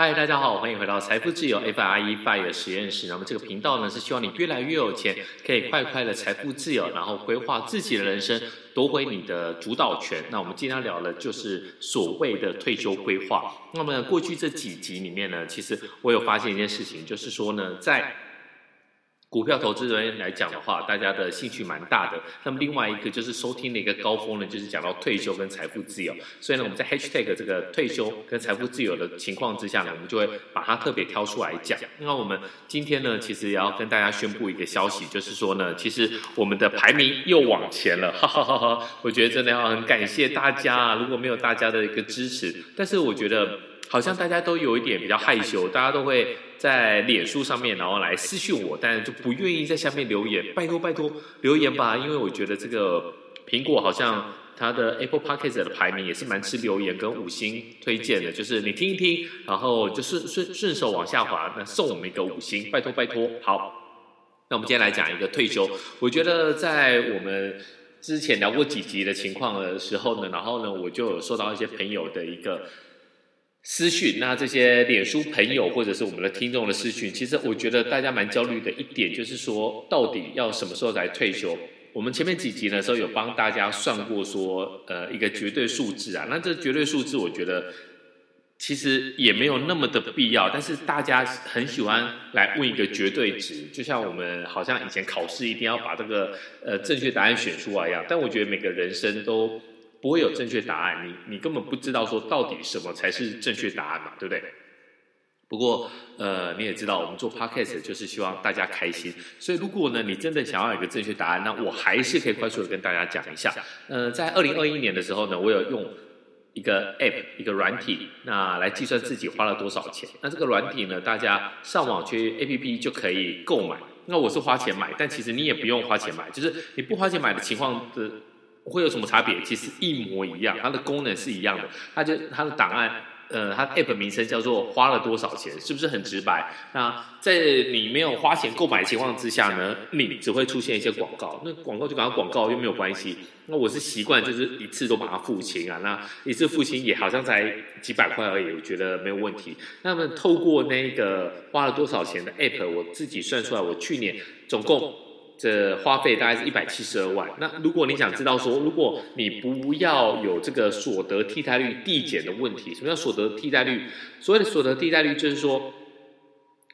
嗨，大家好，歡迎回到財富自由 FIRE 實驗室。那麼這個頻道呢，是希望你越來越有錢，可以快快的財富自由，然後規劃自己的人生，奪回你的主導權。那我們今天要聊的就是所謂的退休規劃。那麼過去這幾集裡面呢，其實我有發現一件事情，就是說呢，在股票投資人來講的話，大家的興趣蠻大的。那麼另外一個就是收聽的一個高峰呢，就是講到退休跟財富自由。所以呢，我們在 hashtag 這個退休跟財富自由的情況之下呢，我們就會把它特別挑出來講。那我們今天呢，其實也要跟大家宣布一個消息，就是說呢，其實我們的排名又往前了。 我覺得真的要很感謝大家，如果沒有大家的一個支持，但是我覺得。好像大家都有一點比較害羞，大家都會在臉書上面，然後來私訊我，但就不願意在下面留言。拜托拜托留言吧，因為我覺得這個蘋果好像它的 Apple Podcast 的排名也是蠻吃留言跟五星推薦的，就是你聽一聽，然後就順順順手往下滑，那送我們一個五星。拜托拜托，好，那我們今天來講一個退休。我覺得在我們之前聊過幾集的情況的時候呢，然後呢，我就有收到一些朋友的一個。私訊，那這些臉書朋友或者是我們的聽眾的私訊，其實我覺得大家蠻焦慮的一點就是說，到底要什麼時候才退休？我們前面幾集的時候有幫大家算過說，呃，一個絕對數字啊。那這絕對數字，我覺得其實也沒有那麼的必要。但是大家很喜歡來問一個絕對值，就像我們好像以前考試一定要把這個呃正確答案選出來一樣。但我覺得每個人生都不會有正確答案，你你根本不知道說到底什麼才是正確答案嘛，對不對？不過呃你也知道，我們做 podcast 就是希望大家開心，所以如果呢你真的想要有一個正確答案，那我還是可以快速的跟大家講一下。呃，在二零二一年的時候呢，我有用一個 app，一個軟體，那來計算自己花了多少錢。那這個軟體呢，大家上網去 APP 就可以購買。那我是花錢買，但其實你也不用花錢買，就是你不花錢買的情況的。會有什麼差別？其實一模一樣，它的功能是一樣的。它就它的檔案，呃，它的 APP 名稱叫做“花了多少錢”，是不是很直白？那在你沒有花錢購買的情況之下呢，你只會出現一些廣告。那廣告就它廣告，又沒有關係。那我是習慣就是一次都把它付清啊。那一次付清也好像才幾百塊而已，我覺得沒有問題。那麼透過那個“花了多少錢”的 APP，我自己算出來，我去年總共，這花費大概是一百七十二萬。那如果你想知道說，如果你不要有這個所得替代率遞減的問題，什麼叫所得替代率？所謂的所得替代率就是說，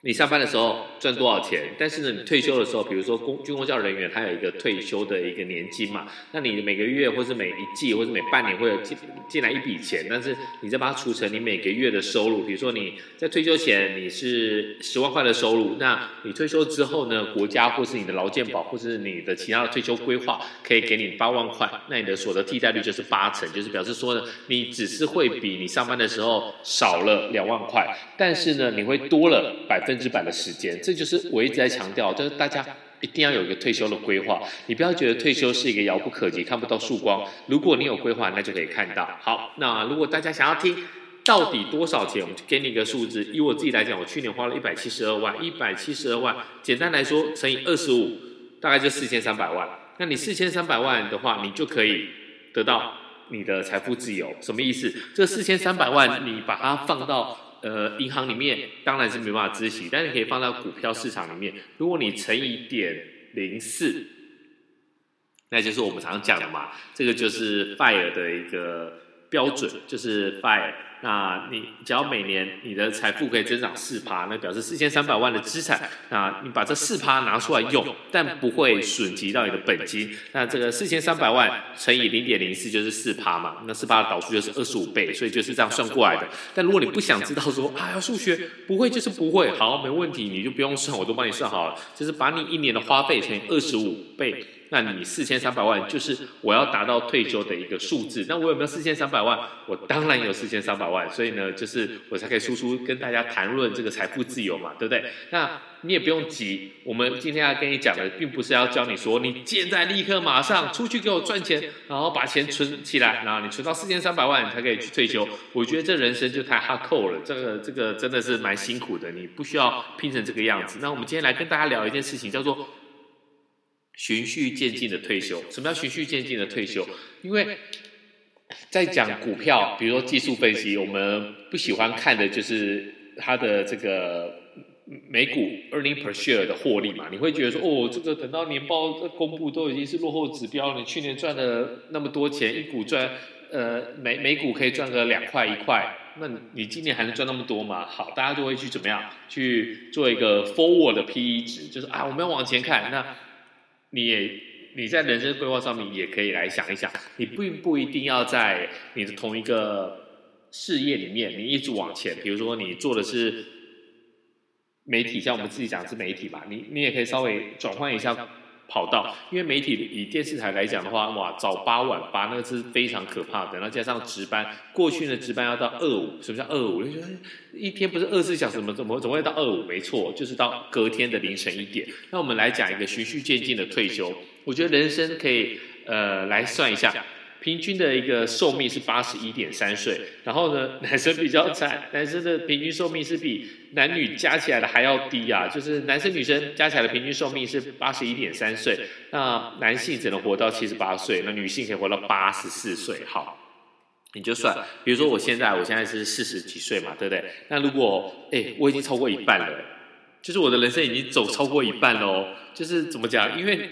你上班的時候。賺多少錢？但是呢，你退休的時候，比如說軍公軍公教人員，他有一個退休的一個年金嘛。那你每個月，或是每一季，或是每半年會有進進來一筆錢。但是你再把它除成，你每個月的收入，比如說你在退休前你是十萬塊的收入，那你退休之後呢，國家或是你的勞健保，或是你的其他的退休規劃，可以給你八萬塊。那你的所得替代率就是八成，就是表示說呢，你只是會比你上班的時候少了兩萬塊，但是呢，你會多了百分之百的時間。這就是我一直在強調，就是大家一定要有一個退休的規劃。你不要覺得退休是一個遙不可及、看不到曙光。如果你有規劃，那就可以看到。好，那如果大家想要聽到底多少錢，我們就給你一個數字。以我自己來講，我去年花了一百七十二萬，一百七十二萬，簡單來說乘以二十五，大概就四千三百萬。那你四千三百萬的話，你就可以得到你的財富自由。什麼意思？這四千三百萬你把它放到。呃，銀行裡面當然是沒辦法執行，但是你可以放到股票市場裡面。如果你乘以點零四，那就是我們常常講的嘛，這個就是 fire 的一個標準，就是 fire。那你只要每年你的財富可以增長四趴，那表示四千三百萬的資產，那你把這四趴拿出來用，但不會損及到你的本金。那這個四千三百萬乘以零點零四就是四趴嘛？那四趴的倒數就是二十五倍，所以就是這樣算過來的。但如果你不想知道說，哎呀，數學不會就是不會，好，沒問題，你就不用算，我都幫你算好了，就是把你一年的花費乘以二十五倍。那你四千三百萬就是我要達到退休的一個數字。那我有沒有四千三百萬？我當然有四千三百萬，所以呢，就是我才可以輸出跟大家談論這個財富自由嘛，對不對？那你也不用急，我們今天要跟你講的，並不是要教你說你現在立刻馬上出去給我賺錢，然後把錢存起來，然後你存到四千三百萬你才可以去退休。我覺得這人生就太 hardcore 了，這個這個真的是蠻辛苦的，你不需要拼成這個樣子。那我們今天來跟大家聊一件事情，叫做，循序漸進的退休，什麼叫循序漸進的退休？因為在講股票，比如說技術分析，我們不喜歡看的就是它的這個每股 earning per share 的獲利嘛。你會覺得說，哦，這個等到年報的公布都已經是落後指標，你去年賺了那麼多錢，一股賺呃，每每股可以賺個兩塊一塊，那你今年還能賺那麼多嗎？好，大家就會去怎麼樣去做一個 forward 的 PE 值，就是啊，我們要往前看那。你也你在人生規劃上面也可以來想一想，你並不一定要在你的同一個事業裡面，你一直往前。比如說你做的是媒體，像我們自己講的是媒體吧，你你也可以稍微轉換一下。跑道。因為媒體以電視台來講的話，哇，早八晚八，那個是非常可怕的。然後加上值班，過去的值班要到二五，什麼叫二五？一天不是二十四小時，怎麼怎麼會到二五？沒錯，就是到隔天的凌晨一點。那我們來講一個循序漸進的退休，我覺得人生可以呃來算一下。平均的一個壽命是八十一點三歲，然後呢，男生比較慘，男生的平均壽命是比男女加起來的還要低啊，就是男生女生加起來的平均壽命是八十一點三歲，那男性只能活到七十八歲，那女性可以活到八十四歲，好，你就算，比如說我現在我現在是四十幾歲嘛，對不對？那如果誒我已經超過一半了，就是我的人生已經走超過一半了哦。就是怎麼講？因為。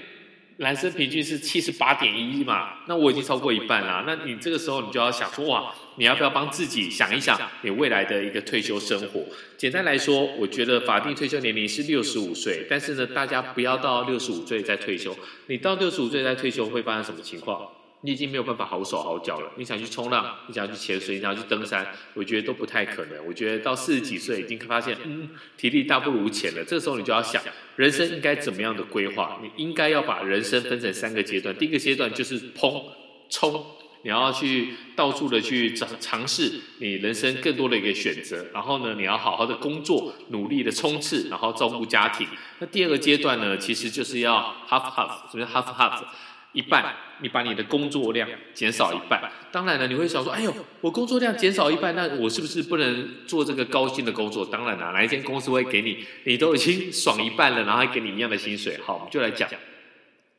男生平均是七十八點一嘛，那我已經超過一半啦。那你這個時候你就要想說，哇，你要不要幫自己想一想你未來的一個退休生活？簡單來說，我覺得法定退休年齡是六十五歲，但是呢，大家不要到六十五歲再退休。你到六十五歲再退休會發生什麼情況？你已經沒有辦法好手好腳了。你想去衝浪，你想去潛水，你想去登山，我覺得都不太可能。我覺得到四十幾歲，已經發現，嗯，體力大不如前了。這時候，你就要想，人生應該怎麼樣的規劃？你應該要把人生分成三個階段。第一個階段就是砰衝，你要去到處的去嘗嘗試你人生更多的一個選擇。然後呢，你要好好的工作，努力的衝刺，然後照顧家庭。那第二個階段呢，其實就是要 half half，什麼叫 half half？一半，你把你的工作量減少一半，當然了，你會想說，哎呦，我工作量減少一半，那我是不是不能做這個高薪的工作？當然了啊，哪一間公司會給你？你都已經爽一半了，然後還給你一樣的薪水。好，我們就來講。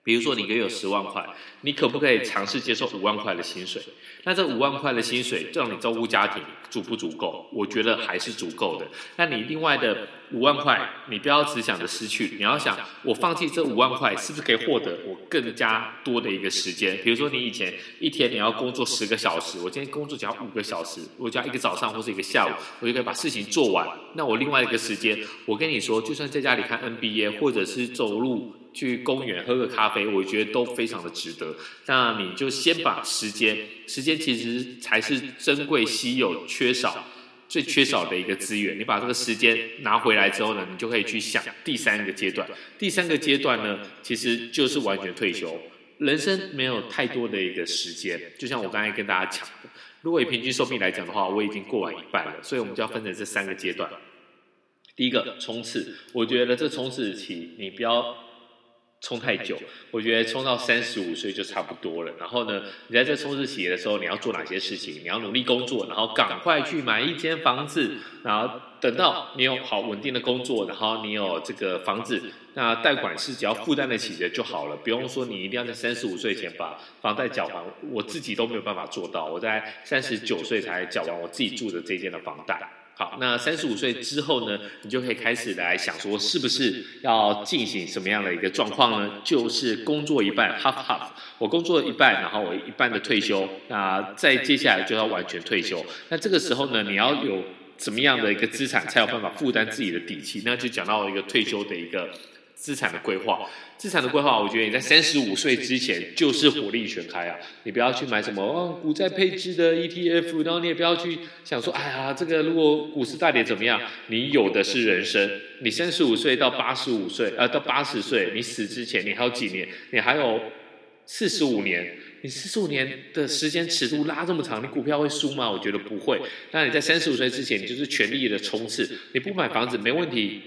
比如說，你可以有十萬塊，你可不可以嘗試接受五萬塊的薪水？那這五萬塊的薪水讓你照顧家庭，足不足夠？我覺得還是足夠的。那你另外的五萬塊，你不要只想着失去，你要想，我放棄這五萬塊，是不是可以獲得我更加多的一個時間？比如說，你以前一天你要工作十個小時，我今天工作只要五個小時，我只要一個早上或者一個下午，我就可以把事情做完。那我另外一個時間，我跟你說，就算在家裡看 NBA，或者是走路。去公園喝個咖啡，我覺得都非常的值得。那你就先把時間，時間其實才是珍貴稀有、缺少、最缺少的一個資源。你把這個時間拿回來之後呢，你就可以去想第三個階段。第三個階段呢，其實就是完全退休。人生沒有太多的一個時間，就像我剛才跟大家講的，如果以平均壽命來講的話，我已經過完一半了。所以，我們就要分成這三個階段。第一個衝刺，我覺得這衝刺期，你不要。衝太久，我覺得衝到三十五歲就差不多了。然後呢，你在這衝事業的時候，你要做哪些事情？你要努力工作，然後趕快去買一間房子，然後等到你有好穩定的工作，然後你有這個房子，那貸款是只要負擔得起的企業就好了。不用說你一定要在三十五歲前把房貸繳完，我自己都沒有辦法做到，我在三十九歲才繳完我自己住的這間的房貸。好，那三十五歲之後呢，你就可以開始來想說，是不是要進行什麼樣的一個狀況呢？就是工作一半，哈哈，我工作一半，然後我一半的退休，那再接下來就要完全退休。那這個時候呢，你要有什麼樣的一個資產，才有辦法負擔自己的底氣？那就講到一個退休的一個資產的規劃，資產的規劃，啊，我覺得你在三十五歲之前就是火力全開啊！你不要去買什麼啊股債配置的 ETF，然後你也不要去想說，哎呀，這個如果股市大跌怎麼樣？你有的是人生，你三十五歲到八十五歲，呃，到八十歲，你死之前你還有幾年？你還有四十五年，你四十五年的時間尺度拉這麼長，你股票會輸嗎？我覺得不會。那你在三十五歲之前，你就是全力的衝刺，你不買房子沒問題。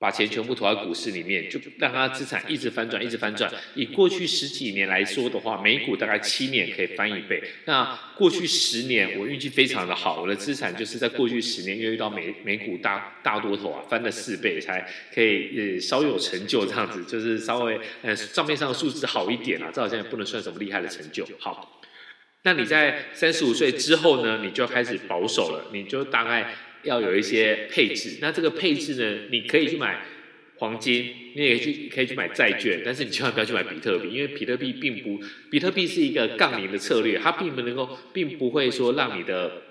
把錢全部投在股市裡面，就讓它資產一直翻轉，一直翻轉。以過去十幾年來說的話，美股大概七年可以翻一倍。那過去十年，我運氣非常的好，我的資產就是在過去十年又遇到美美股大大多頭啊，翻了四倍，才可以呃稍有成就這樣子，就是稍微呃賬面上的數字好一點啊，這好像也不能算什麼厲害的成就。好，那你在三十五歲之後呢，你就要開始保守了，你就大概。要有一些配置，那這個配置呢，你可以去買黃金，你也可以去可以去買債券，但是你千萬不要去買比特幣，因為比特幣並不，比特幣是一個槓鈴的策略，它並不能夠，並不會說讓你的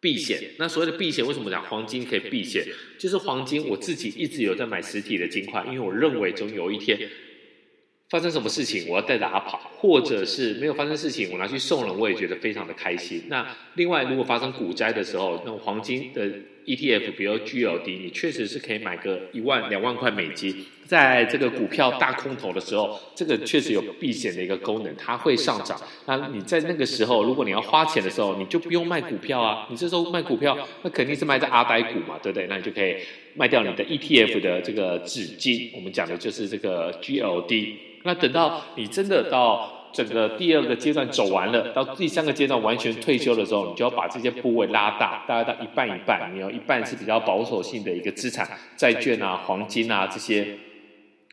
避險，那所謂的避險，為什麼講黃金可以避險？就是黃金我自己一直有在買實體的金塊，因為我認為總有一天。發生什麼事情，我要帶着它跑，或者是沒有發生事情，我拿去送人，我也覺得非常的開心。那另外，如果發生股災的時候，那黃金的 ETF，比如 GLD，你確實是可以買個一萬、兩萬塊美金。在這個股票大空頭的時候，這個確實有避險的一個功能，它會上漲。那你在那個時候，如果你要花錢的時候，你就不用賣股票啊，你這時候賣股票，那肯定是賣在阿呆股嘛，對不對？那你就可以。賣掉你的 ETF 的這個紙巾，我們講的就是這個 GLD。那等到你真的到整個第二個階段走完了，到第三個階段完全退休的時候，你就要把這些部位拉大，大概到一半一半。你要一半是比較保守性的一個資產，債券啊、黃金啊這些，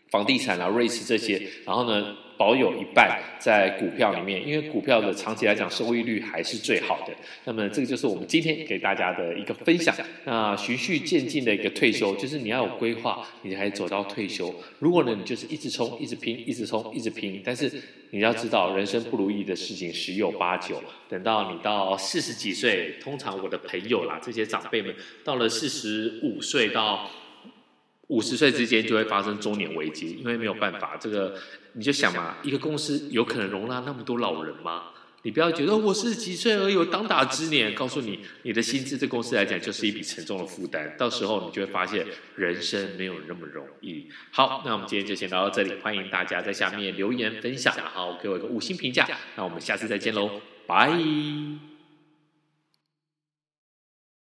房地產啊、瑞士這些。然後呢，保有一半在股票裡面，因為股票的長期來講收益率，還是最好的。那麼這個就是我們今天給大家的一個分享。那循序漸進的一個退休，就是你要有規劃，你才走到退休。如果呢，你就是一直衝，一直拼，一直衝，一直拼，但是你要知道，人生不如意的事情十有八九。等到你到四十幾歲，通常我的朋友啦，這些長輩們，到了四十五歲到五十歲之間就會發生中年危機，因為沒有辦法，這個你就想嘛，一個公司有可能容納那麼多老人嗎？你不要覺得我是幾歲而有當打之年，告訴你，你的薪資對公司來講就是一筆沉重的負擔，到時候你就會發現人生沒有那麼容易。好，那我們今天就先聊到這裡，歡迎大家在下面留言分享，然後給我一個五星評價，那我們下次再見嘍，拜。